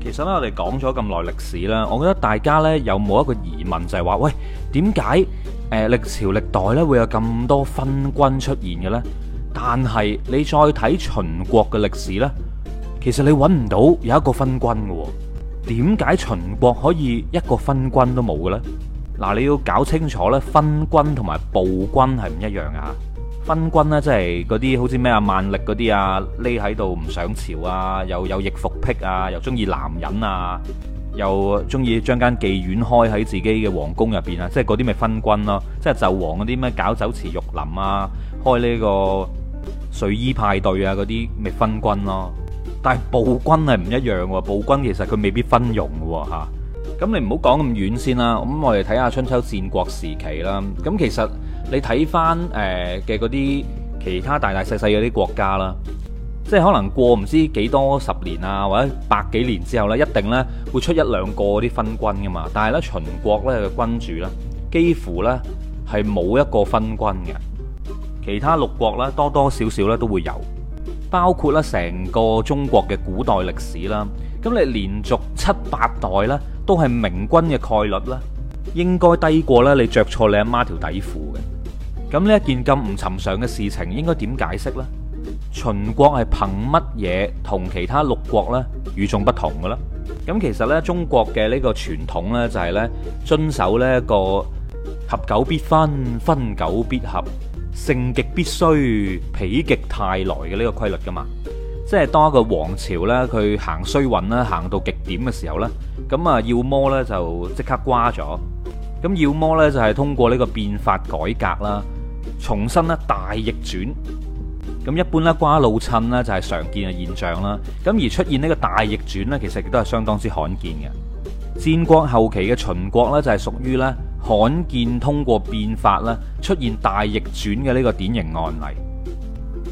其實咧，我哋講咗咁耐歷史啦，我覺得大家呢，有冇一個疑問就係話，喂，點解誒，歷朝歷代呢會有咁多昏君出現嘅咧？但係你再睇秦國嘅歷史呢，其實你揾唔到有一個昏君嘅。點解秦國可以一個昏君都冇嘅咧？嗱，你要搞清楚呢，昏君同埋暴君係唔一樣㗎。昏君咧，即係嗰啲好似咩啊，萬曆嗰啲啊，匿喺度唔上朝啊，又有易服癖啊，又中意男人啊，又中意將間妓院開喺自己嘅皇宮入邊啊，即係嗰啲咪昏君咯。即係紂王嗰啲咩搞酒池肉林啊，開呢個睡衣派對啊，嗰啲咪昏君咯。但係暴君係唔一樣喎，暴君其實佢未必昏庸嘅吓。咁你唔好講咁遠先啦，咁我哋睇下春秋戰國時期啦。咁其實。你睇翻誒嘅嗰啲其他大大細細嗰啲國家啦，即係可能過唔知幾多十年啊，或者百幾年之後呢，一定呢會出一兩個啲昏君㗎嘛。但係呢，秦國呢嘅君主呢幾乎呢係冇一個昏君嘅。其他六國呢，多多少少呢都會有，包括呢成個中國嘅古代歷史啦。咁你連續七八代呢都係明君嘅概率啦，應該低過呢你着錯你阿媽條底褲嘅。咁呢一件咁唔尋常嘅事情，應該點解釋呢？秦國係憑乜嘢同其他六國呢？與眾不同嘅咧？咁其實呢，中國嘅呢個傳統呢，就係呢遵守呢個合久必分，分久必合，盛極必衰，否極泰來嘅呢個規律噶嘛。即係當一個王朝呢，佢行衰運啦，行到極點嘅時候呢，咁啊，要麼呢，摩就即刻瓜咗，咁要麼呢，就係通過呢個變法改革啦。重新咧大逆轉，咁一般咧瓜老襯啦就係常見嘅現象啦，咁而出現呢個大逆轉咧，其實亦都係相當之罕見嘅。戰國後期嘅秦國咧就係屬於咧罕見通過變法咧出現大逆轉嘅呢個典型案例。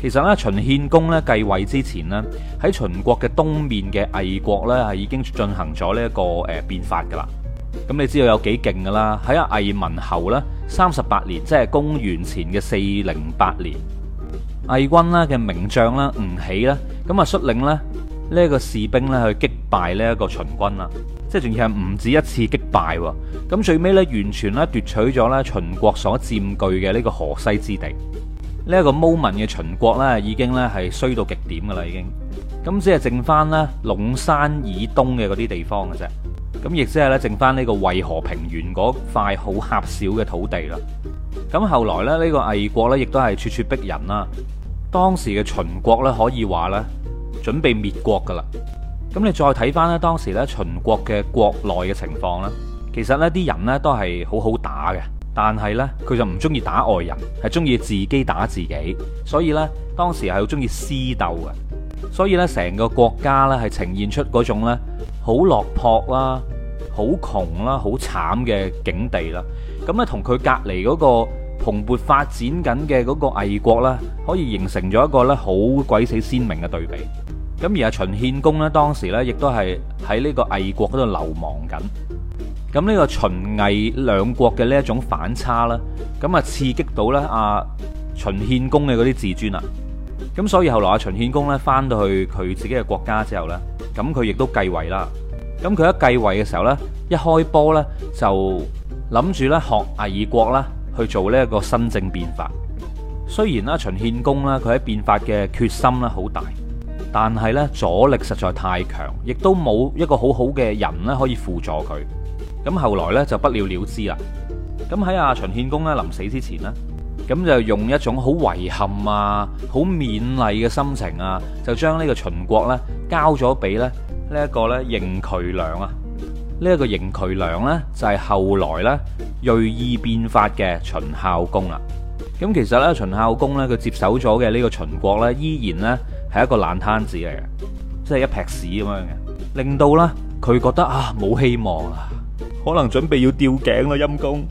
其實咧秦獻公咧繼位之前咧喺秦國嘅東面嘅魏國咧係已經進行咗呢一個誒變法噶啦。咁你知道有幾勁噶啦？喺魏文侯呢，三十八年，即係公元前嘅四零八年，魏軍啦嘅名將啦吳起啦。咁啊率領呢，呢一個士兵呢去擊敗呢一個秦軍啦，即係仲要係唔止一次擊敗喎。咁最尾呢，完全呢，奪取咗呢秦國所佔據嘅呢個河西之地。呢、這、一個僕民嘅秦國呢，已經呢係衰到極點噶啦，已經。咁只係剩翻呢隴山以東嘅嗰啲地方嘅啫。咁亦即係咧，剩翻呢個渭河平原嗰塊好狹小嘅土地啦。咁後來咧，呢個魏國呢，亦都係咄咄逼人啦。當時嘅秦國呢，可以話呢，準備滅國噶啦。咁你再睇翻呢，當時呢，秦國嘅國內嘅情況呢，其實呢啲人呢，都係好好打嘅，但係呢，佢就唔中意打外人，係中意自己打自己。所以呢，當時係好中意私鬥嘅。所以呢，成個國家呢，係呈現出嗰種呢。好落魄啦，好窮啦，好慘嘅境地啦。咁咧，同佢隔離嗰個蓬勃發展緊嘅嗰個魏國啦，可以形成咗一個呢好鬼死鮮明嘅對比。咁而阿秦獻公呢，當時呢亦都係喺呢個魏國嗰度流亡緊。咁呢個秦魏兩國嘅呢一種反差啦，咁啊刺激到呢阿秦獻公嘅嗰啲自尊啊。咁所以後來阿秦獻公呢，翻到去佢自己嘅國家之後呢。咁佢亦都繼位啦。咁佢一繼位嘅時候呢，一開波呢，就諗住呢學魏國啦，去做呢一個新政變法。雖然啦，秦獻公啦，佢喺變法嘅決心啦好大，但係呢阻力實在太強，亦都冇一個好好嘅人可以輔助佢。咁後來呢，就不了了之啦。咁喺阿秦獻公呢臨死之前呢。咁就用一種好遺憾啊、好勉勵嘅心情啊，就將呢個秦國呢交咗俾咧呢一個呢嬴渠梁啊。呢、這、一個嬴渠梁呢，就係後來呢，銳意變法嘅秦孝公啦。咁其實呢，秦孝公呢，佢接手咗嘅呢個秦國呢，依然呢，係一個爛攤子嚟嘅，即係一劈屎咁樣嘅，令到呢，佢覺得啊冇希望啊，可能準備要吊頸啦陰公。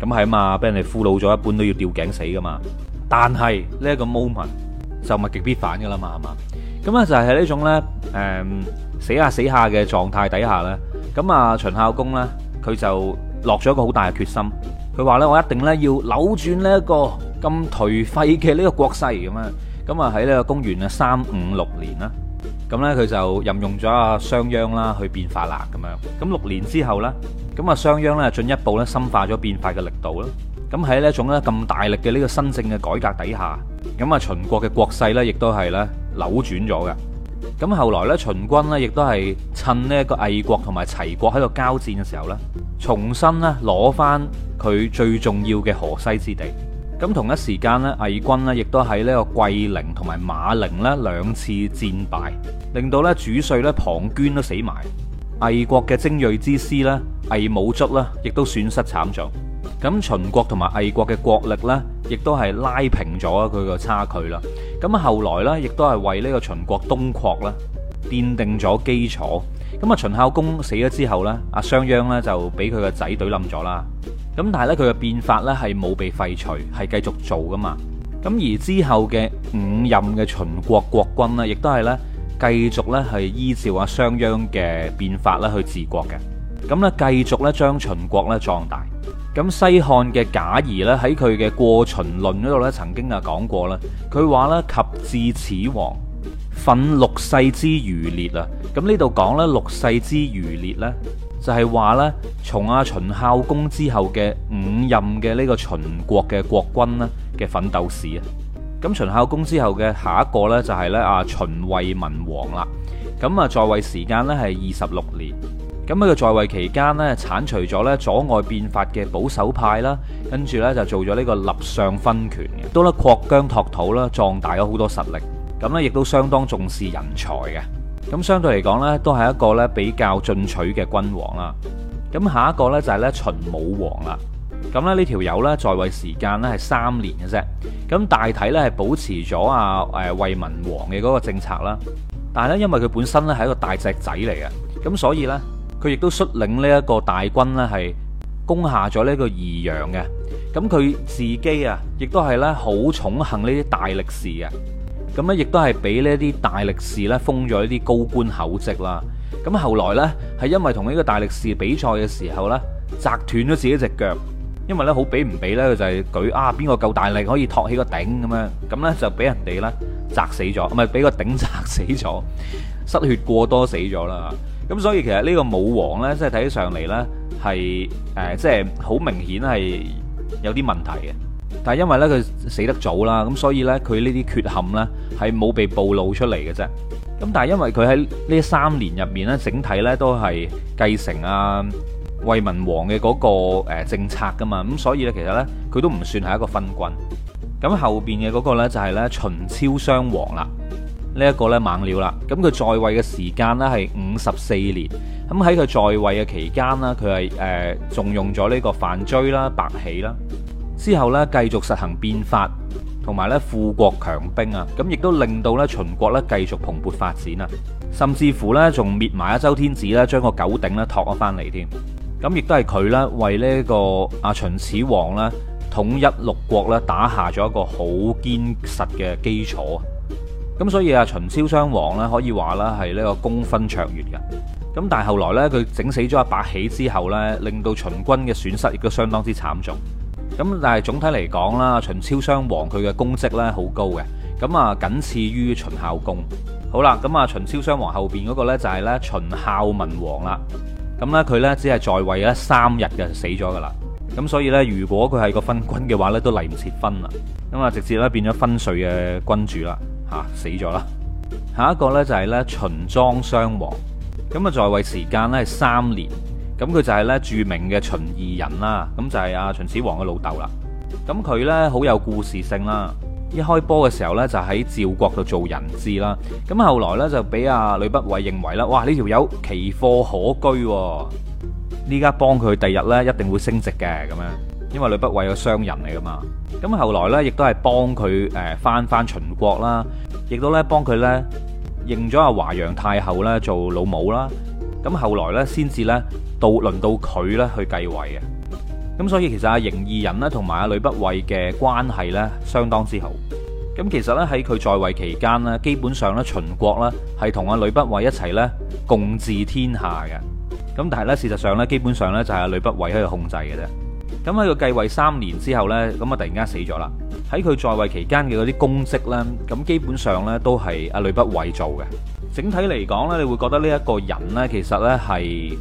咁係嘛，俾人哋俘虜咗，一般都要吊頸死噶嘛。但係呢一個 moment 就物極必反噶啦嘛，係嘛？咁啊就係喺呢種咧，誒死下死下嘅狀態底下咧，咁啊秦孝公咧，佢就落咗一個好大嘅決心，佢話咧，我一定咧要扭轉呢一個咁頹廢嘅呢個國勢咁啊，咁啊喺呢個公元啊三五六年啦。咁咧佢就任用咗阿商鞅啦，去變法啦咁樣。咁六年之後咧，咁啊商鞅咧進一步咧深化咗變法嘅力度啦。咁喺呢一種咧咁大力嘅呢個新政嘅改革底下，咁啊秦國嘅國勢咧亦都係咧扭轉咗嘅。咁後來咧秦軍咧亦都係趁呢一個魏國同埋齊國喺度交戰嘅時候咧，重新咧攞返佢最重要嘅河西之地。咁同一時間呢魏軍呢亦都喺呢個桂陵同埋馬陵呢兩次戰敗，令到呢主帥咧龐涓都死埋，魏國嘅精鋭之師呢魏武卒呢亦都損失慘重。咁秦國同埋魏國嘅國力呢亦都係拉平咗佢個差距啦。咁後來呢亦都係為呢個秦國東擴啦奠定咗基礎。咁啊，秦孝公死咗之後呢阿商鞅呢就俾佢個仔隊冧咗啦。咁但係咧，佢嘅變法咧係冇被廢除，係繼續做噶嘛。咁而之後嘅五任嘅秦國國君呢，亦都係咧繼續咧係依照阿商鞅嘅變法咧去治國嘅。咁咧繼續咧將秦國咧壯大。咁西漢嘅賈誼咧喺佢嘅《過秦論》嗰度咧曾經啊講過啦，佢話咧及至始皇，奮六世之餘烈啊。咁呢度講咧六世之餘烈咧，就係話咧。從阿秦孝公之後嘅五任嘅呢個秦國嘅國君呢嘅奮鬥史啊，咁秦孝公之後嘅下一個呢，就係呢阿秦惠文王啦，咁啊在位時間呢係二十六年，咁喺個在位期間呢，鏟除咗呢阻礙變法嘅保守派啦，跟住呢就做咗呢個立相分權嘅，都啦擴疆拓土啦，壯大咗好多實力，咁呢亦都相當重視人才嘅，咁相對嚟講呢，都係一個呢比較進取嘅君王啦。咁下一個呢，就係咧秦武王啦，咁咧呢條友呢，在位時間呢係三年嘅啫，咁大體呢，係保持咗啊誒惠文王嘅嗰個政策啦，但係咧因為佢本身呢係一個大隻仔嚟嘅，咁所以呢，佢亦都率領呢一個大軍呢係攻下咗呢個個宜陽嘅，咁佢自己啊亦都係呢好寵幸呢啲大力士嘅，咁呢，亦都係俾呢啲大力士呢封咗一啲高官厚職啦。咁後來呢，係因為同呢個大力士比賽嘅時候呢，砸斷咗自己隻腳，因為呢，好比唔比呢，佢就係舉啊邊個夠大力可以托起個頂咁樣，咁呢，就俾人哋呢，砸死咗，唔係俾個頂砸死咗，失血過多死咗啦。咁所以其實呢個武王呢，即係睇起上嚟呢，係誒即係好明顯係有啲問題嘅，但係因為呢，佢死得早啦，咁所以呢，佢呢啲缺陷呢，係冇被暴露出嚟嘅啫。咁但係因為佢喺呢三年入面呢，整體呢都係繼承啊惠文王嘅嗰個政策噶嘛，咁所以呢，其實呢，佢都唔算係一個昏君。咁後面嘅嗰個呢，就係呢秦昭襄王啦，呢、這、一個呢，猛料啦。咁佢在位嘅時間呢，係五十四年，咁喺佢在位嘅期間呢，佢係誒重用咗呢個范雎啦、白起啦，之後呢，繼續實行變法。同埋咧富國強兵啊，咁亦都令到咧秦國咧繼續蓬勃發展啊，甚至乎咧仲滅埋一周天子啦，將個九鼎咧托咗翻嚟添。咁亦都係佢咧為呢個阿秦始皇咧統一六國咧打下咗一個好堅實嘅基礎啊。咁所以阿秦昭襄王咧可以話啦係呢個功勳卓越嘅。咁但係後來咧佢整死咗阿白起之後咧，令到秦軍嘅損失亦都相當之慘重。咁但係總體嚟講啦，秦昭襄王佢嘅功績咧好高嘅，咁啊僅次於秦孝公。好啦，咁啊秦昭襄王後邊嗰個呢就係呢秦孝文王啦，咁呢，佢呢只係在位咧三日嘅就死咗噶啦，咁所以呢，如果佢係個昏君嘅話呢，都嚟唔切昏啦，咁啊直接咧變咗昏睡嘅君主啦，吓、啊、死咗啦。下一個呢就係呢秦莊襄王，咁啊在位時間呢係三年。咁佢就係咧著名嘅秦異人啦，咁就係阿秦始皇嘅老豆啦。咁佢咧好有故事性啦，一開波嘅時候咧就喺趙國度做人質啦。咁後來咧就俾阿呂不韋認為啦，哇呢條友奇貨可居，依家幫佢第日咧一定會升值嘅咁樣，因為呂不韋個商人嚟噶嘛。咁後來咧亦都係幫佢誒翻翻秦國啦，亦都咧幫佢咧認咗阿華陽太后咧做老母啦。咁後來咧先至咧。到輪到佢咧去繼位嘅，咁所以其實阿嬴異人咧同埋阿呂不韋嘅關係咧相當之好。咁其實咧喺佢在位期間咧，基本上咧秦國咧係同阿呂不韋一齊咧共治天下嘅。咁但係咧，事實上咧，基本上咧就係阿呂不韋喺度控制嘅啫。咁喺佢繼位三年之後咧，咁啊突然間死咗啦。喺佢在位期間嘅嗰啲功績咧，咁基本上咧都係阿呂不韋做嘅。整體嚟講咧，你會覺得呢一個人咧其實咧係。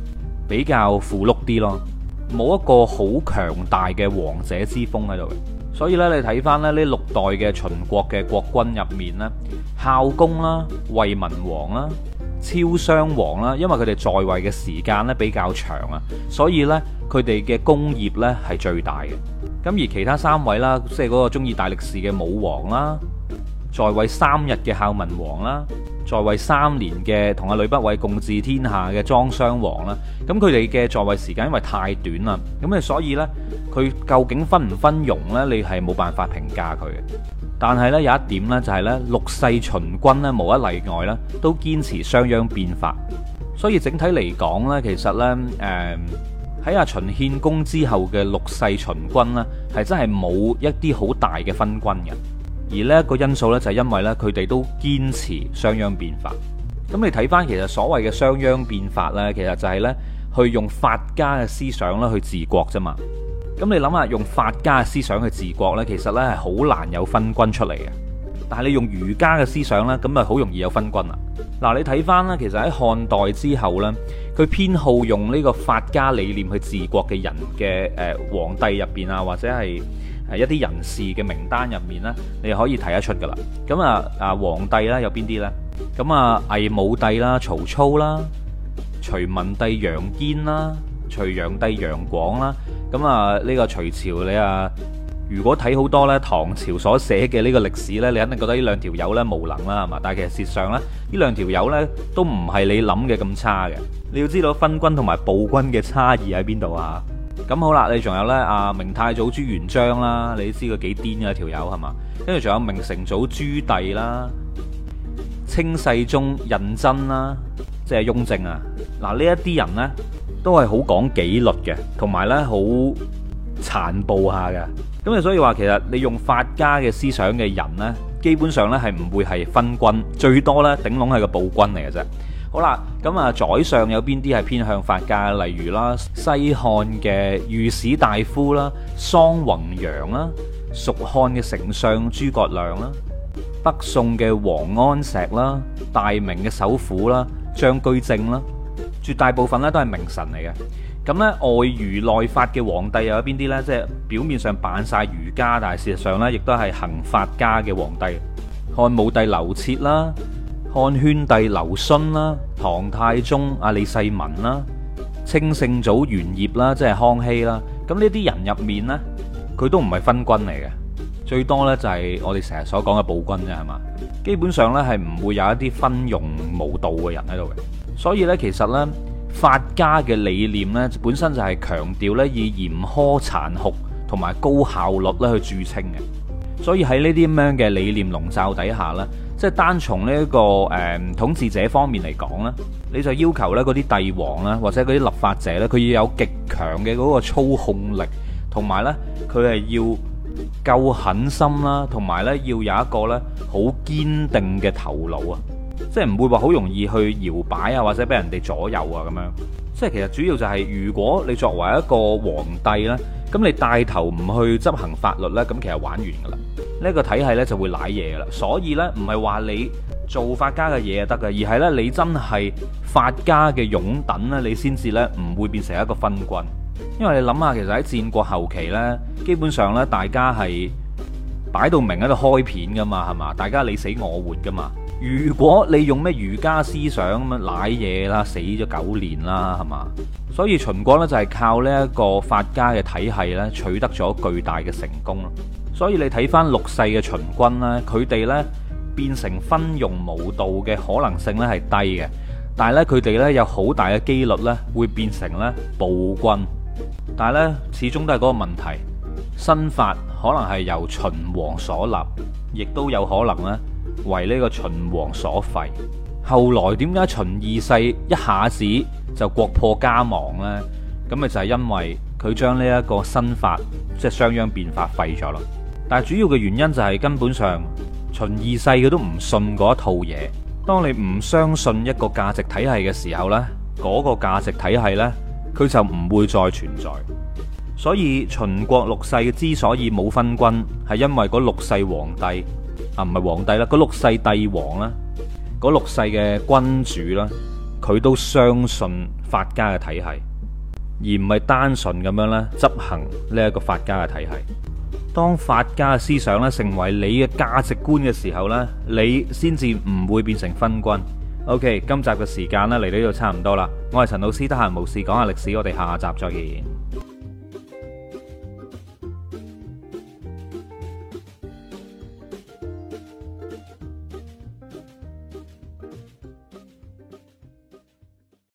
比較富碌啲咯，冇一個好強大嘅王者之風喺度。所以咧，你睇翻咧呢六代嘅秦國嘅國君入面咧，孝公啦、惠文王啦、昭襄王啦，因為佢哋在位嘅時間咧比較長啊，所以咧佢哋嘅功業咧係最大嘅。咁而其他三位啦，即係嗰個鍾意大力士嘅武王啦，在位三日嘅孝文王啦。在位三年嘅同阿呂不韋共治天下嘅莊襄王啦，咁佢哋嘅在位時間因為太短啦，咁啊所以呢，佢究竟昏唔昏庸呢？你係冇辦法評價佢嘅。但係呢，有一點呢、就是，就係呢六世秦君呢，冇一例外咧都堅持商鞅變法，所以整體嚟講呢，其實呢，誒喺阿秦獻公之後嘅六世秦君呢，係真係冇一啲好大嘅昏君嘅。而呢個因素呢，就係因為呢，佢哋都堅持商鞅變法。咁你睇翻其實所謂嘅商鞅變法呢，其實就係呢，去用法家嘅思想咧去治國啫嘛。咁你諗下用法家嘅思想去治國呢，想想國其實呢係好難有昏君出嚟嘅。但係你用儒家嘅思想呢，咁咪好容易有昏君啦。嗱，你睇翻呢，其實喺漢代之後呢，佢偏好用呢個法家理念去治國嘅人嘅、呃、皇帝入面啊，或者係。係一啲人士嘅名單入面呢，你可以睇得出噶啦。咁啊啊，皇帝啦，有邊啲呢？咁啊魏武帝啦、曹操啦、隋文帝楊堅啦、隋煬帝楊廣啦。咁啊呢個隋朝，你啊如果睇好多咧唐朝所寫嘅呢個歷史呢，你肯定覺得呢兩條友呢無能，啦，係嘛？但係其實事實上呢，呢兩條友呢都唔係你諗嘅咁差嘅。你要知道昏君同埋暴君嘅差異喺邊度啊？咁好啦，你仲有呢？明太祖朱元璋啦，你知佢幾癲嘅條友係嘛？跟住仲有明成祖朱棣啦、清世宗胤禛啦，即係雍正啊。嗱，呢一啲人呢，都係好講紀律嘅，同埋呢好殘暴下嘅。咁你所以話其實你用法家嘅思想嘅人呢，基本上呢係唔會係昏君，最多呢頂籠係個暴君嚟嘅啫。好啦，咁啊，宰相有邊啲係偏向法家？例如啦，西漢嘅御史大夫啦，桑弘羊啦，蜀漢嘅丞相諸葛亮啦，北宋嘅王安石啦，大明嘅首輔啦，張居正啦，絕大部分咧都係名臣嚟嘅。咁咧外儒內法嘅皇帝又有邊啲咧？即係表面上扮晒儒家，但係事實上咧亦都係行法家嘅皇帝。漢武帝劉徹啦。漢宣帝劉詢啦，唐太宗阿李世民啦，清聖祖玄燁啦，即係康熙啦，咁呢啲人入面呢，佢都唔係昏君嚟嘅，最多呢就係我哋成日所講嘅暴君啫，係嘛？基本上呢係唔會有一啲昏庸無道嘅人喺度嘅，所以呢，其實呢，法家嘅理念呢本身就係強調呢以嚴苛殘酷同埋高效率咧去著稱嘅，所以喺呢啲咁樣嘅理念籠罩底下呢。即係單從呢一個誒、嗯、統治者方面嚟講呢，你就要求呢嗰啲帝王啦，或者嗰啲立法者呢，佢要有極強嘅嗰個操控力，同埋呢，佢係要夠狠心啦，同埋呢要有一個呢好堅定嘅頭腦啊，即係唔會話好容易去搖擺啊，或者俾人哋左右啊咁樣。即係其實主要就係如果你作為一個皇帝呢，咁你帶頭唔去執行法律呢，咁其實玩完噶啦。呢個體系呢，就會舐嘢噶啦。所以呢，唔係話你做法家嘅嘢就得噶，而係呢，你真係法家嘅擁躉呢，你先至呢唔會變成一個昏君。因為你諗下，其實喺戰國後期呢，基本上呢，大家係擺到明喺度開片噶嘛，係嘛？大家你死我活噶嘛。如果你用咩儒家思想咁樣舐嘢啦，死咗九年啦，係嘛？所以秦國呢，就係靠呢一個法家嘅體系呢，取得咗巨大嘅成功。所以你睇翻六世嘅秦軍呢，佢哋呢，變成昏庸無道嘅可能性呢，係低嘅，但係咧佢哋呢，有好大嘅幾率呢，會變成呢暴君，但係呢，始終都係嗰個問題。新法可能係由秦王所立，亦都有可能呢。為呢個秦王所廢，後來點解秦二世一下子就國破家亡呢？咁咪就係因為佢將呢一個新法，即係商鞅變法廢咗啦。但係主要嘅原因就係根本上秦二世佢都唔信嗰一套嘢。當你唔相信一個價值體系嘅時候呢嗰、呢個價值體系呢，佢就唔會再存在。所以秦國六世之所以冇昏君，係因為嗰六世皇帝。啊，唔係皇帝啦，嗰六世帝王啦，嗰六世嘅君主啦，佢都相信法家嘅體系，而唔係單純咁樣咧執行呢一個法家嘅體系。當法家嘅思想咧成為你嘅價值觀嘅時候呢，你先至唔會變成昏君。OK，今集嘅時間咧嚟到呢度差唔多啦。我係陳老師，得閒無事講下歷史，我哋下集再見。